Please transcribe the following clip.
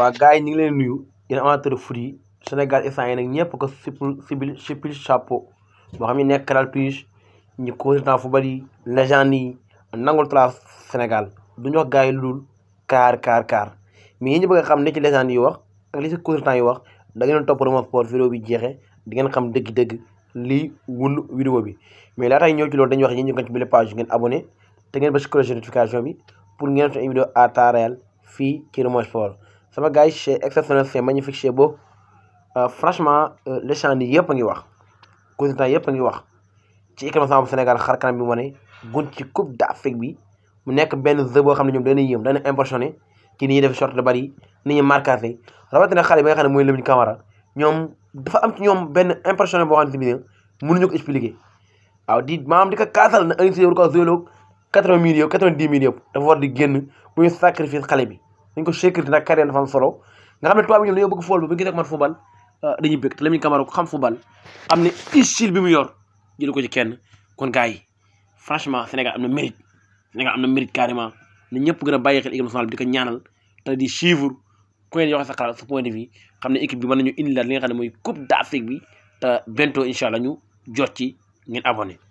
waa gars yi ñu ngi leen nuyu yéen amateur foot yi Sénégal instant yi nag ñëpp ko sippil sippil sippil chapeau boo xam ne nekk Canal Plus ñu consultant football yi légende yi nangul trace Sénégal du ñu wax gars yi lul kaar kaar kaar mais yéen ñi bëgg xam ne ci légende yi wax ak li si consultant yi wax da ngeen topp Remo Sport vidéo bi jeexee di ngeen xam dëgg-dëgg lii wund vidéo bi mais laata ñëw ci loolu dañu wax yéen ñu kan ci bile page ngeen abonné te ngeen bi pour ngeen seen à temps réel fii ci Remo Sport ça va gars c'est exceptionnel c'est magnifique c'est beau franchement les champs yi yëpp a ngi wax consultant yëpp a wax ci équipe nationale bu Sénégal xar kanam bi mu wane gun ci coupe d'Afrique bi mu nekk benn jeu boo xam ne ñoom dañuy yëm dañuy impressionné ci ni ñuy def short de bari ni ñuy marqué rawatina xale bi nga xam ne mooy Lamine Camara ñoom dafa am ñoom benn impressionné boo xam ne bii mënuñu ko expliquer waaw di maanaam di ko kaasal na Alioune Sèye war ko quatre-vingt quatre-vingt-dix mille dafa war di génn muy sacrifice xale bi. dañ ko sécurité nag carrière dafa am solo nga xam ne tubaab yi ñoom dañoo bëgg football ba bu ñu ak man football ah, ko xam am na style bi mu yor jël ko ci kenn kon gars yi franchement Sénégal am na mérite Sénégal am na mérite carrément na ñëpp gën a bàyyi xel équipe bi di ko ñaanal te di suivre ku sa xalaat sa point de xam ne équipe bi mën nañu indi la li nga xam ne mooy coupe d'Afrique bi te bientôt incha allah ñu jot ci ngeen abonné